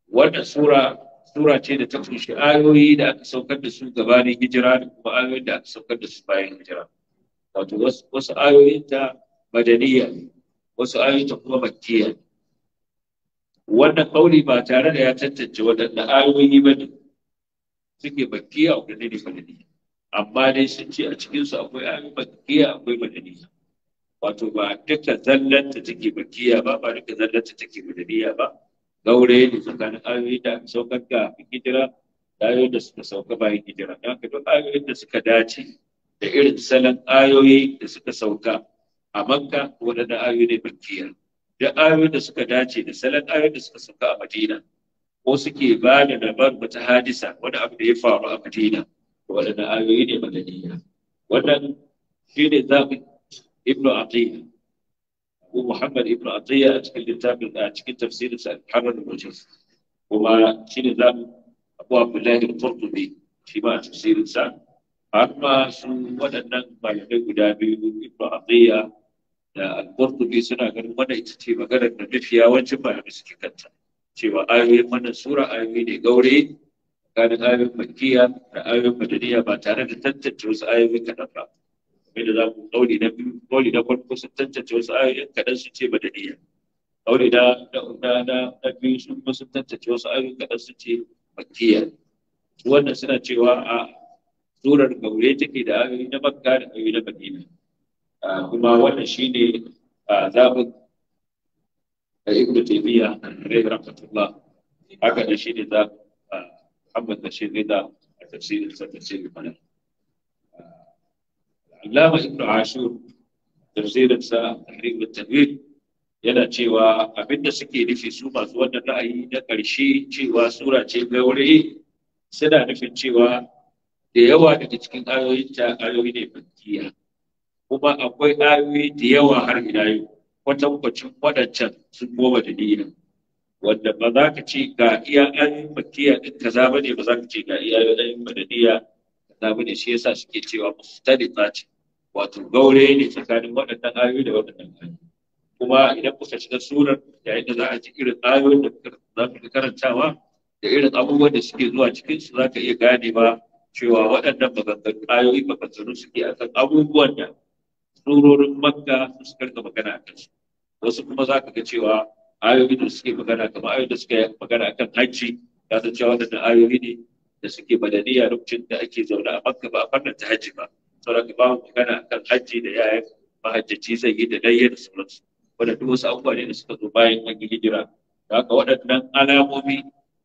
wannan sura sura ce da ta kunshi ayoyi da aka saukar da su gabanin hijira da kuma ayoyin da aka saukar da su bayan hijira wato wasu ta madaniya wasu wasu ta kuma makkiya wannan kauli ba tare da ya tantance waɗanda ayoyi ba ne suke makkiya a kudin ne madaniya amma dai sun ce a cikinsu akwai ayoyin makkiya akwai madaniya wato ba duka zallanta take makkiya ba ba duka zallanta take madaniya ba gaure ne tsakanin ayoyi da aka saukar da hijira da ayoyi da suka sauka bayan hijira don haka duk ayoyin da suka dace da irin salon ayoyi da suka sauka a makka waɗanda ayoyi ne makkiya da ayoyin da suka dace da salon ayoyin da suka sauka a madina ko suke ba da dabar wata hadisa wani abu da ya faru a madina waɗanda ayoyi ne madaniya wannan shi ne zaɓin ibnu atiyya ko Muhammad ibn Atiyya a cikin littafin a cikin tafsirinsa sa Muhammad al-Mujiz kuma shi ne zamu Abu Abdullahi al-Qurtubi shi a tafsirin sa su waɗannan malamai guda biyu ibn Atiyya da al-Qurtubi suna ganin wannan ita ce maganar da mafiya wancin malamai suke kanta cewa ayoyin wannan sura ayoyi ne gaure tsakanin ayoyin makkiya da ayoyin madaniya ba tare da tantance wasu ayoyi kaɗan ba kamar za ku kauli na biyu kauli na farko sun tantance wasu ayoyin kaɗan sun ce madaniya kauli na na na biyu sun kuma sun tantance wasu ayoyin kaɗan sun ce makkiya wannan suna cewa a surar gaure take da ayoyi na makka da ayoyi na madina kuma wannan shine zaɓin ibn taymiya alayhi rahmatullah haka da shine zaɓin Muhammad Bashir Rida a tafsirin sa tafsirin Manar. Allama Ibn Ashur tafsirin sa Tahrim tanwir yana cewa abinda suke nufi su masu wannan ra'ayi na ƙarshe cewa sura ce gaurayi suna nufin cewa da yawa daga cikin ayoyin ta ayoyi ne fakkiya kuma akwai ayoyi da yawa har ila yau kwatankwacin waɗancan sun goma da niyya, wanda ba za ka ce ga iya ayoyin makiya ɗin kaza ba ne ba za ka ce ga iya ayoyin madaniya kaza ba ne shi yasa suke cewa ta ce wato gaure ne tsakanin waɗannan ayoyi da waɗannan ayoyi kuma idan kuka shiga surar yayin da za a ji irin ayoyin da za ku karantawa da irin abubuwan da suke zuwa cikin su za ka iya gane ba cewa waɗannan maganganun ayoyi maganganun suke a kan abubuwan da surorin makka su suka rika magana a kansu wasu kuma za ka ga cewa ayoyi da suke magana kamar ayoyi da suke magana a kan hajji ya san cewa waɗannan ayoyi ne da suke madaniya lokacin da ake zaune a makka ba a fannin ta hajji ba ba mu magana akan hajji da yayan mahajjaci zai yi da layya da sauransu wanda duk wasu abubuwa ne da suka zo bayan an yi hijira da haka waɗannan alamomi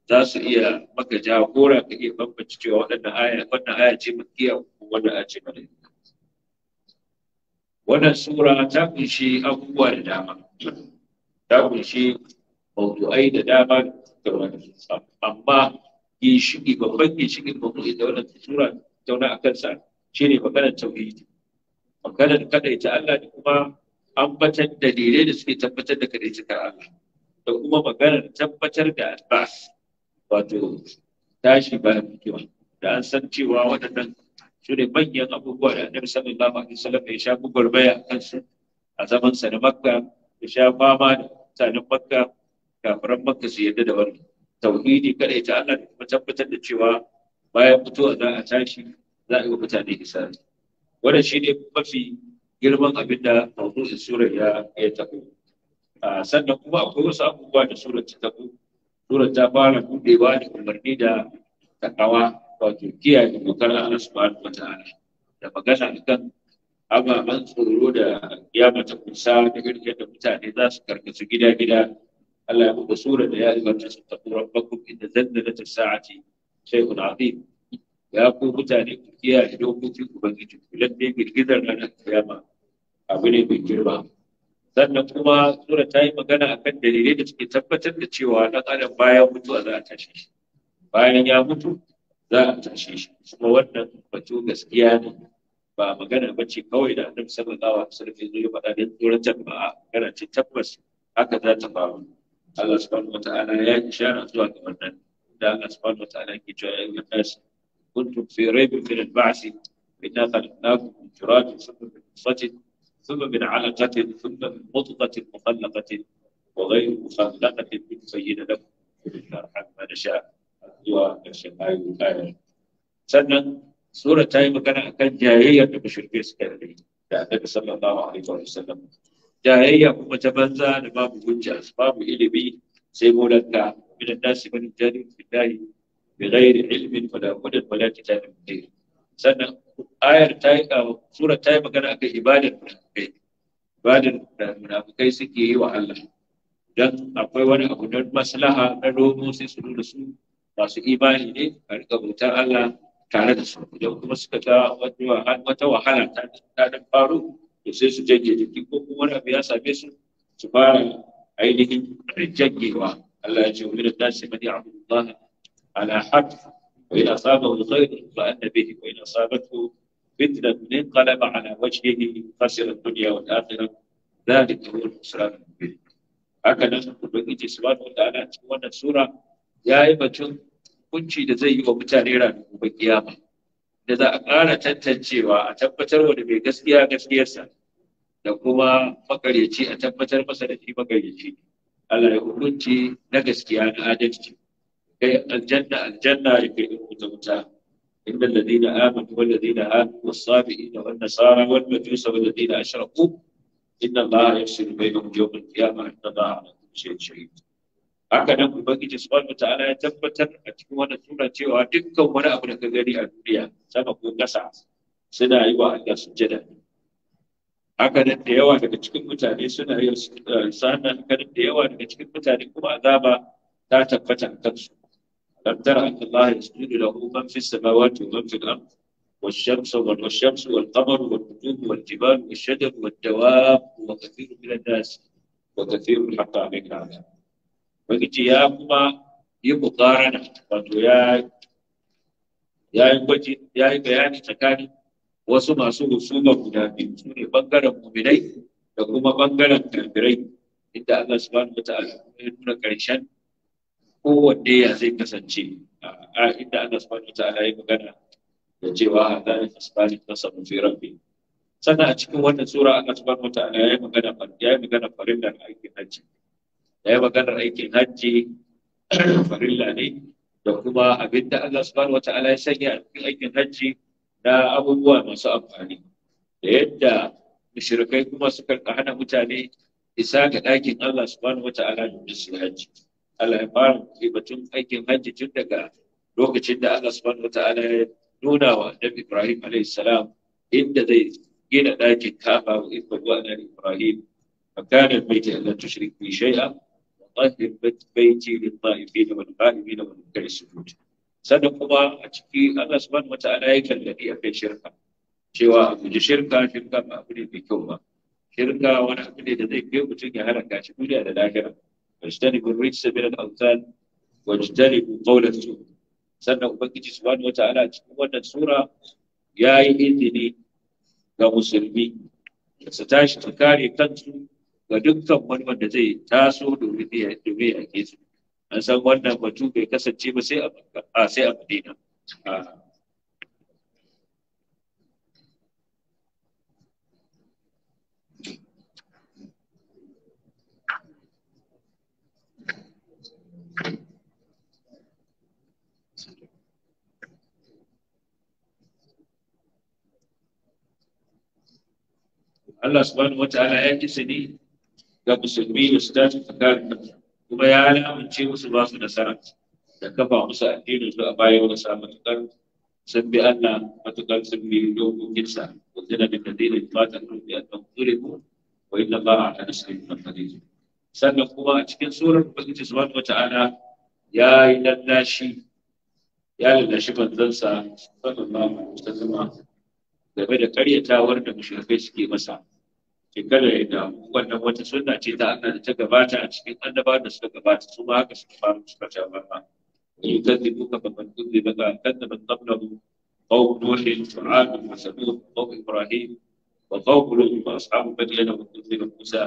za su iya maka jagora ka iya bambance cewa waɗannan aya wannan aya ce makiya ko wannan aya ce mala wannan sura ta kunshi abubuwa da dama ta kunshi mawdu'ai da dama ga wani amma ginshiki babban ginshiki mawdu'i da wannan sura tauna akan sa shine maganar tauhidi maganar kadaita Allah da kuma ambatar dalilai da suke tabbatar da kadaitakar Allah da kuma maganar tabbatar da albas wato tashi ba kiwa da an san cewa waɗannan su ne manyan abubuwa da annabi sallallahu alaihi wasallam ya sha gugurmaya kansu a zaman sa da makka ya sha fama da mutanen makka kafiran makka su yarda da wannan tauhidi kadaita Allah da kuma tabbatar da cewa bayan mutuwa za a tashi za a yi wa mutane hisabi wannan shine mafi girman abin da mawdu'in surar ya ya tafi sannan kuma akwai wasu abubuwa da surar ta tafi surar ta fara buɗewa da umarni da takawa wato kiyaye dokar Allah subhanahu wataala da magana akan ababen tsoro da kiyama ta kusa da irin yadda mutane za su karkasu gida-gida Allah ya buga sura da ya yi wata sun tafi rabbakum inda zanda na ta sa'ati shaykhun azim ya ku mutane ku da dokokin ubangiji ku lalle girgizar ranar kiyama abu ne mai girma sannan kuma sura ta yi magana akan dalilai da suke tabbatar da cewa dan adam bayan mutuwa za a tashe shi bayan ya mutu za a tashe shi kuma wannan batu gaskiya ne ba magana ba ce kawai da annabi sallallahu alaihi wasallam ya zo ya faɗa don tsoratar ba a magana ce tabbas haka za ta faru Allah subhanahu wataala ya shara zuwa ga wannan da Allah subhanahu wataala ke cewa ya yi كنتم في ريب من البعث إنا خلقناكم من تراب ثم من نطفة ثم من علقة ثم من مضغة مخلقة وغير مخلقة لنبين لكم ونرحم ما نشاء zuwa ƙarshen ayoyi sannan sura ta yi magana akan jayayyar da su suka yi da annabi sallallahu alaihi wa sallam jayayya kuma ta banza da babu hujja babu ilimi sai molanka min annasi man بغير علم ilmin wala ولا كتاب مدير سنة sannan ayar ta yi sura ta yi magana إبادة ibadar munafikai ibadar da suke yi wa Allah dan akwai wani abu na maslaha na domo sai su nuna su masu imani ne a rika bautar Allah tare da su idan kuma suka ta wata wahala ta dan faru to sai su janye jiki ko kuma wani abu ya su fara ainihin janyewa Allah ya ce على حق وإن أصابه الخير فأن به وإن أصابته فتنة انقلب على وجهه خسر الدنيا والآخرة ذلك هو الخسران المبين هكذا Ubangiji subhanahu wataala cikin wannan sura ya yi batun kunci da zai yi wa mutane ranar gobe kiyama da za a ƙara tantancewa a tabbatar wa da mai gaskiya gaskiyarsa da kuma makaryaci a tabbatar masa da shi makaryaci Allah ya hukunci na gaskiya na adalci kai aljanna aljanna ya kai in wuta wuta إن الذين آمنوا والذين آمنوا والصابئين والنصارى والمجوس والذين أشركوا إن الله يفصل بينهم يوم القيامة إن الله على كل شيء شهيد haka nan ubangiji subhanahu ta'ala ya tabbatar a cikin wannan sura cewa dukkan wani abu da ka gani a duniya sama ko ƙasa suna yi wa Allah sujjada haka nan da yawa daga cikin mutane suna yi eh, sana haka da yawa daga cikin mutane kuma azaba ta tabbata kansu لم تر أن الله يسجد له من في السماوات ومن في الأرض والشمس والشمس والقمر والنجوم والجبال والشجر والدواب وكثير من الناس وكثير حق عليك هذا فقلت يا كما يبقارنا wato ya ya yi gwaji ya yi bayani tsakanin wasu masu husuma guda biyu su ne bangaren muminai da kuma bangaren kafirai inda Allah subhanahu wataala ya nuna karshen kowanne ya zai kasance a inda Allah subhanahu wa ta'ala ya magana da cewa hadani fasbani tasabu fi rabbi sannan a cikin wannan sura Allah subhanahu ta'ala ya magana ya yi magana farillar aikin hajji ya yi maganar aikin hajji farilla ne da kuma abin da Allah subhanahu wa ta'ala ya sanya a cikin aikin hajji na abubuwa masu amfani da yadda mushrikai kuma suka hana mutane isa ga ɗakin Allah subhanahu wa ta'ala da su hajji Allah ya fara batun aikin hajji tun daga lokacin da Allah subhanahu wataala ya nuna wa Annabi Ibrahim alaihi salam inda zai gina ɗakin Kaaba wa ibn wa'ana Ibrahim فكان البيت ألا تشرك بي شيئا وطهر بيتي Sannan kuma a ciki صدقوا أتكي الله سبحانه وتعالى الذي أبي shirka. cewa a guji shirka shirka ba abu ne mai kyau ba shirka wani abu ne da zai kai mutum ya halaka shi duniya da lahira واجتنبوا الرجس من الاوثان واجتنبوا قول الزور sannan ubangiji subhanahu wataala a cikin wannan sura ya yi izini ga musulmi su tashi su kare kansu ga dukkan wani wanda zai taso domin ya ake su an san wannan batun bai kasance ba sai a madina Allah subhanahu wa ta'ala ya kisa ne ga musulmi da su tashi tsakanin kuma ya alamance musu ba su nasara da kafa musu addinin su a bayan wa sa matukar sun bi Allah matukar sun bi dogon wa wajen da zai da fatan rufi a ɗan ko wa inna ba a ta nasirin na fadijin sannan kuma a cikin surar ubangiji subhanahu wata'ala ya yi lallashi ya lallashi manzansa sallallahu alaihi wasallam game da karyatawar da mushrikai suke masa ke kada ya da wannan wata sunna ce ta Allah da ta gabata a cikin annaba da suka gabata su ma haka suka fara suka ta zan in ka fa man kadhiba ka kadhaba qablahu qawm nuh wa 'ad wa samud wa ibrahim wa qawm lut wa ashabu badiyana wa kadhiba musa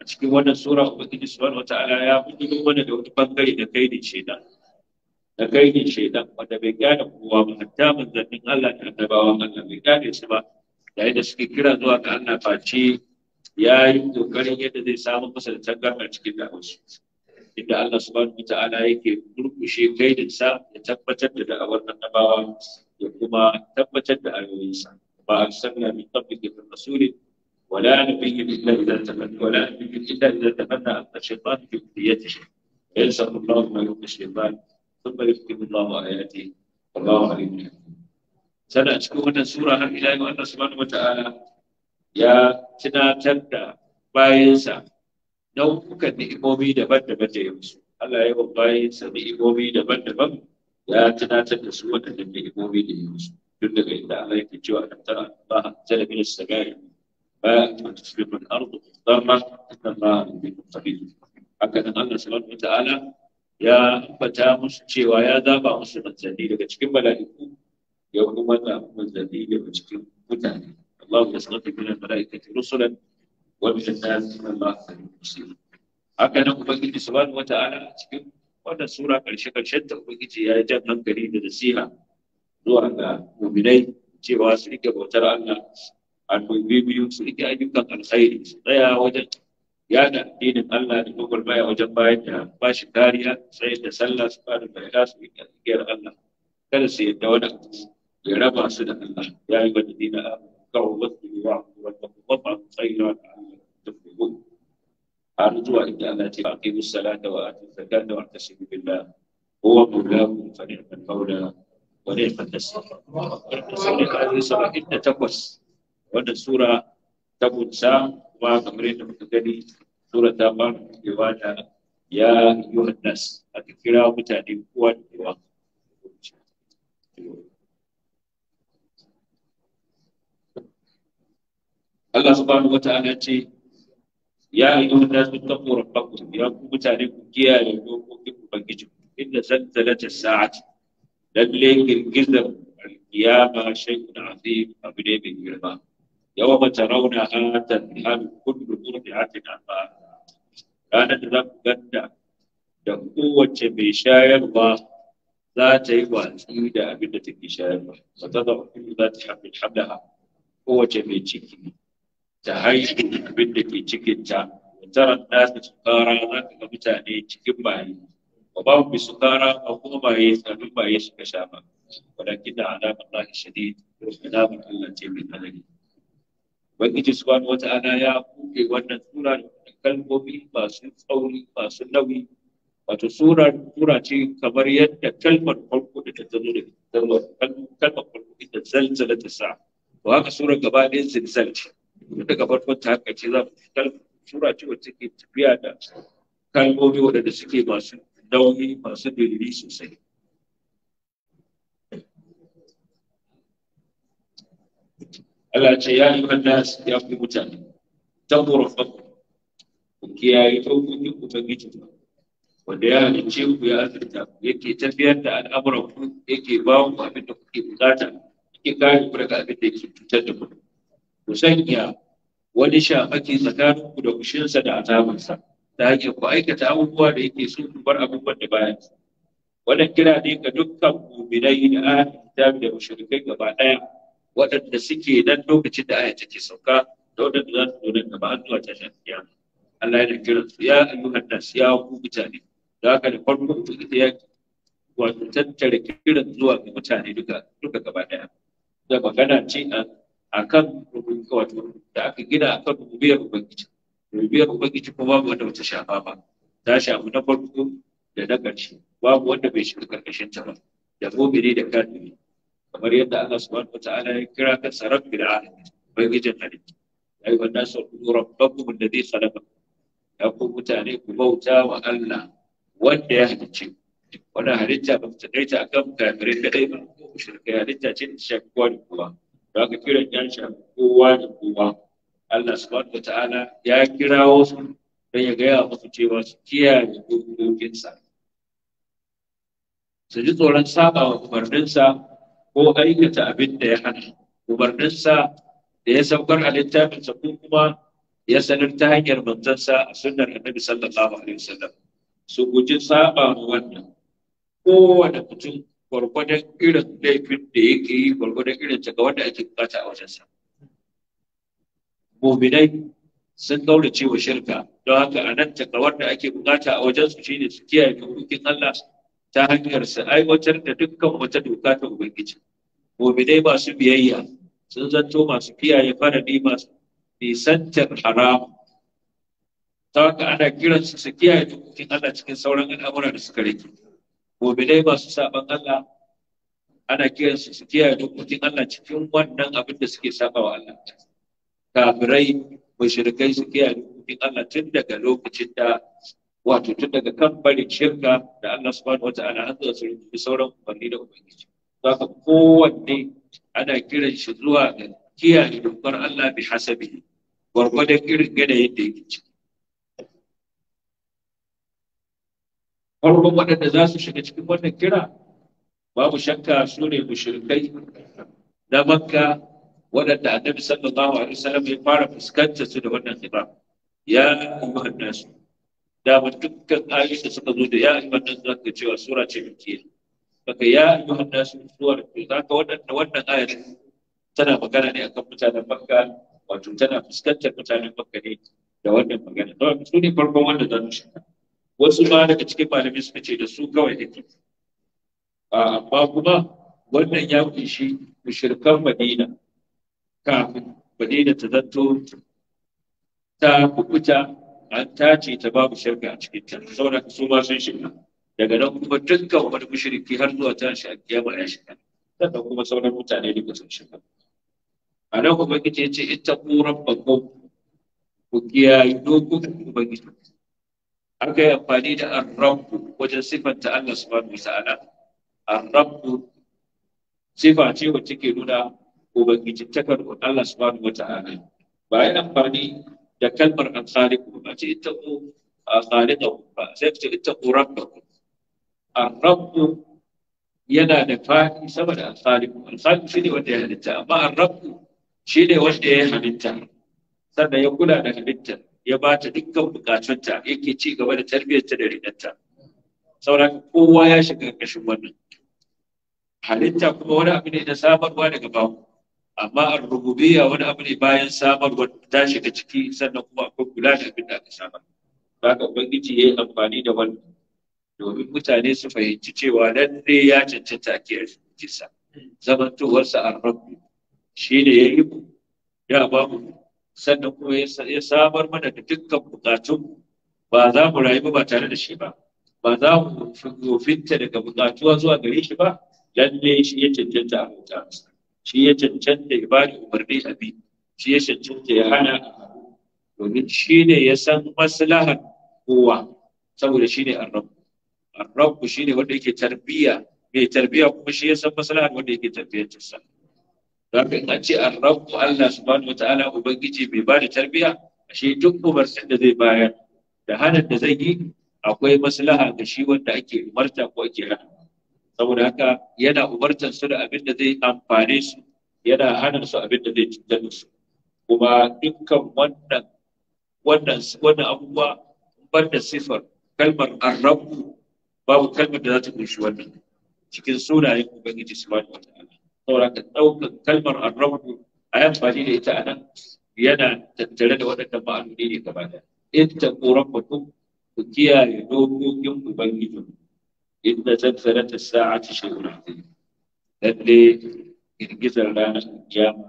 a cikin wannan sura ubangiji subhanahu wataala ya buɗe mana da wani bangare da kai ne shaidan da kai ne shaidan wanda bai gane kowa ba hatta manzannin Allah da annabawa Allah bai gane su ba Da yadda suke kira zuwa ga Allah face ya yi kokarin yadda zai samu masa da tangarɗa cikin da'awarsu inda Allah subhanahu wataala yake murkushe kaidinsa ya tabbatar da da'awar annabawa ya kuma tabbatar da ayoyinsa ba a sanna min tabbiki rasulin ولا نبيه إلا إذا تمنى ولا نبيه إلا إذا تمنى أن الشيطان في أمنيته فينسخ الله ما يلقي الشيطان ثم يحكم الله آياته والله عليم حكيم sana cikin wannan sura har ila yau Allah subhanahu wata'ala ya tunatar da bayansa nau'ukan ni'imomi daban-daban da ya musu Allah ya yi wa bayansa ni'imomi daban-daban ya tunatar da su waɗannan ni'imomi da ya musu daga inda Allah yake cewa a tattara ba a zalabi da sagari فتصبح الارض مخضره كما في haka nan Allah subhanahu ya ambata musu cewa ya zaba musu manzanni daga cikin mala'iku ya kuma zaɓi manzanni daga cikin mutane Allahu yasnatu min al-mala'ikati rusulan wa min an-nas man la yusiru haka nan ubangiji subhanahu wataala a cikin wannan sura karshe karshen ta ubangiji ya jan hankali da nasiha zuwa ga mu'minai cewa su rike bautar Allah akwai bibiyu su rike ayyukan alkhairi su tsaya wajen yada addinin Allah da dogon baya wajen bayar da ba shi kariya sai da sallah su bada bayana su rike igiyar Allah kada su yadda wani bai raba su da Allah ya yi wani dina a kawo wasu yawa wanda kuma ba su tsayina da Allah da kuma har zuwa inda Allah ce a kai musalata wa atu zakata wa tasibi billah huwa mawlaku fa ni'mal mawla wa ni'mal nasir. Sauran ka ajiyar saba'in da takwas wanda sura ta kunsa kuma kamar yadda muka gani sura ta fara cewa da ya ayyuhan nas ka kira mutane kowa da kowa Allah subhanahu wa ta'ala ce ya yi ayyuhan nas tattaqu rabbakum ya ku mutane ku kiyaye dokokin ubangiji inda zan zalzalata sa'ati lalle girgizar alkiyama shay'un azim abu ne mai girma يوم ترونها تذهب كل مرضعة عما كانت ربنا da kowace mai shayarwa za ta yi watsi da abin da take shayarwa ba ta zama za ta haɗin haɗaha kowace mai ciki ta haihu abin da ke cikinta da taron nasa sukara za ka mutane cikin baye ba ba mu sukara ba kuma baye tsarin baye suka sha ba walakin da alamar lahi shadid alamar Allah mai tsanani ubangiji subhanahu wata'ala ya buɗe wannan sura da kalmomi masu tsauri masu nauyi wato sura sura ce kamar yadda kalmar farko da ta zama da kalmar kalmar farko ita zalzala ta sa to haka sura gaba ɗaya zilzal ce daga farkon ta haka ce za ku sura ce wacce ke tafiya da kalmomi waɗanda suke masu nauyi masu dalili sosai Allah ce ya yi wannan ya fi mutane ta rabbakum ku kiyaye ta ba. wanda ya halicce ku ya azurta ku yake tafiyar da al'amuran ku yake ba ku abin da kuke bukata yake kare ku daga abin da yake cutar da ku ku sanya wani shafaki tsakanin ku da kushinsa da azabansa ta hanyar ku aikata abubuwa da yake so ku bar abubuwan da baya wannan kira ne ga dukkan bidai da ahli kitabi da mushrikai gaba ɗaya waɗanda suke nan lokacin da aya take sauka da waɗanda za su zo gaba an zuwa tashin kiyama Allah yana kiran su ya ayyuhan su ya ku mutane da haka da farko ita ya wato tattara kiran zuwa ga mutane duka duka gaba daya da magana ce a kan wato da aka gina a kan rububiyar ubangiji rububiyar ubangiji ko babu wanda bata shafa ba ta shafi na farko da na ƙarshe babu wanda bai shiga ƙarƙashin ta ba da mumini da kafiri kamar yadda Allah subhanahu ta'ala ya kira ka sarab bil alamin ubangijin halitta ya ai wannan sau kudu da zai khalaqakum ya ku mutane ku bauta wa Allah wanda ya halicce wannan halitta ba ta daita akan kafirai dai ba ko mushrikai halitta ce ta shafi kowa da kowa da aka kiran ya shafi kowa da kowa Allah subhanahu ta'ala ya kira wasu don ya gaya musu cewa su kiyaye dokokinsa su ji tsoron saba wa umarninsa ko aikata abin da ya hana umarninsa da ya saukar a littafinsa ko kuma ya sanar ta hanyar manzansa a sunnar annabi sallallahu alaihi wasallam su guji saba mu wannan kowane mutum gwargwadon irin laifin da yake yi gwargwadon irin ta ga wanda ake bukata a wajensa muminai sun gaura cewa shirka don haka a nan ta wanda ake bukata a wajensu shine su kiyaye dokokin Allah ta hanyar su aiwatar da dukkan wata doka ta Ubangiji. dai masu biyayya sun zanto masu kiyaye faradi masu nisantar haram ta haka ana kiransu su kiyaye dokokin Allah cikin sauran al'amuran da suka gobe dai masu saban Allah ana kiransu su kiyaye dokokin Allah cikin wannan abin da suke saba wa Allah kafirai mushrikai su kiyaye dokokin Allah tun daga lokacin da wato tun daga kan barin shirka da Allah subhanahu wataala har da su sauran umarni da ubangiji za ka kowanne ana kiran shi zuwa ga kiyaye dokar Allah bi hasabi gwargwadon irin yanayin da yake ciki farkon waɗanda za su shiga cikin wannan kira babu shakka su ne mushrikai na makka waɗanda annabi sallallahu alaihi wasallam ya fara fuskanta su da wannan kira ya ayyuhan nasu da dukkan ayoyin suka zo da ya ayyuhan nasu zaka cewa sura ce mai daga ya ayyuhan nasu zuwa da zaka wannan wannan ayar tana magana ne akan mutanen makka wato tana fuskantar mutanen makka ne da wannan magana don su ne farkon wanda za su shiga wasu ma daga cikin malamai suka ce da su kawai ake amma kuma wannan ya kunshi mushirkan madina kafin madina ta zanto ta kukuta an tace ta babu shirka a cikin ta saboda su ma sun shiga daga nan kuma dukkan wani mushriki har zuwa shi a alkiyama ya shiga sannan kuma sauran mutane duka sun shiga a nan kuma kice ce ita ku rabbakum ku kiyaye dokokin ubangiji aka kai amfani da arrabu wajen sifanta Allah subhanahu wa ta'ala arrabu sifa ce wacce ke nuna ubangijin takar Allah subhanahu wa ta'ala bayan yi amfani da kalmar ansari ku ba ce ita ku a tsari da ku ba sai ku ce ita ku rabbakum الرب yana da faɗi sama da alfaliku alfaliku shi ne wanda ya halitta amma arrabu shi ne wanda ya halitta sannan ya kula da halitta ya ba ta dukkan bukatunta yake ci gaba da tarbiyyarta da rinanta sauran kowa ya shiga ƙarƙashin wannan halitta kuma wani abu ne na samarwa daga bawo amma arrububiyya wani abu ne bayan samarwa ta shiga ciki sannan kuma akwai kula da abin da aka samar ka ubangiji ya yi amfani da wannan domin mutane su fahimci cewa lalle ya cancanta a kiyar zaman zamantowarsa a rabbi shi ne ya yi mu ya ba mu sannan kuma ya samar mana da dukkan bukatun ba za mu rayu ba tare da shi ba ba za mu finta daga bukatuwa zuwa gare shi ba lalle shi ya cancanta a bauta shi ya cancanta ya bani umarni a bi shi ya cancanta ya hana domin shi ne ya san maslahar kowa saboda shi ne an rabu shi shine wanda yake tarbiya mai tarbiya kuma shi ya san maslahar wanda yake tarbiyyar sa haka in an ce arrabu Allah subhanahu wataala ubangiji bai ba da tarbiya ashe duk umarsin da zai bayar da hanin da zai yi akwai maslaha ga shi wanda ake umarta ko ake rana saboda haka yana umartar su da abin da zai amfane su yana hana su abin da zai cutar da su kuma dukkan wannan wannan wannan abubuwa banda sifar kalmar arrabu babu kalmar da za ta kunshi wannan cikin sunayen ubangiji subhanahu wa ta'ala saboda ka ɗaukar kalmar arrabu a yan fadi da ita a nan yana tattare da waɗannan ma'anoni ne gaba In ta ku rabbakum ku kiyaye dokokin ubangiji inda zalzalata ta shay'un azim lalle girgizar ranar kiyama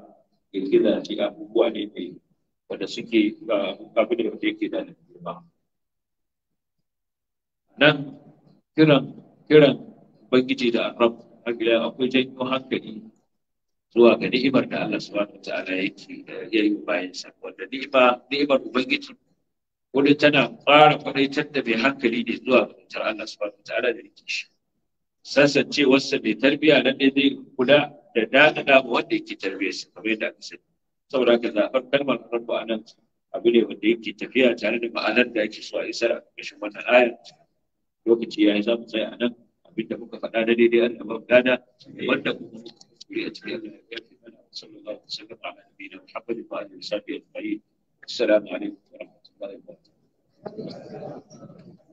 girgiza ce abubuwa ne ne wanda suke ah, abu ne wanda yake da girma nan kiran kiran ubangiji da arab a gida akwai janyo hankali zuwa ga ni'imar da Allah subhanahu ta'ala yake yayi bayan sa wanda ni'ima ni'imar ubangiji wani tana fara kwadaitar da mai hankali ne zuwa ga mutar Allah subhanahu ta'ala da yake shi wasa mai tarbiyya da ne zai kula da dadada wanda yake tarbiyyarsa kamar yadda aka sani saboda haka zaɓar kalmar rabu a nan abu ne wanda yake tafiya tare da ma'anar da ake so a isar a ƙarshen wannan ayar lokaci yi za mu tsaya a nan abinda muka faɗa da daidai an ba gada wanda kuma kuri a cikin Allah ya fi sallallahu alaihi wasallam da nabiyina assalamu alaikum wa rahmatullahi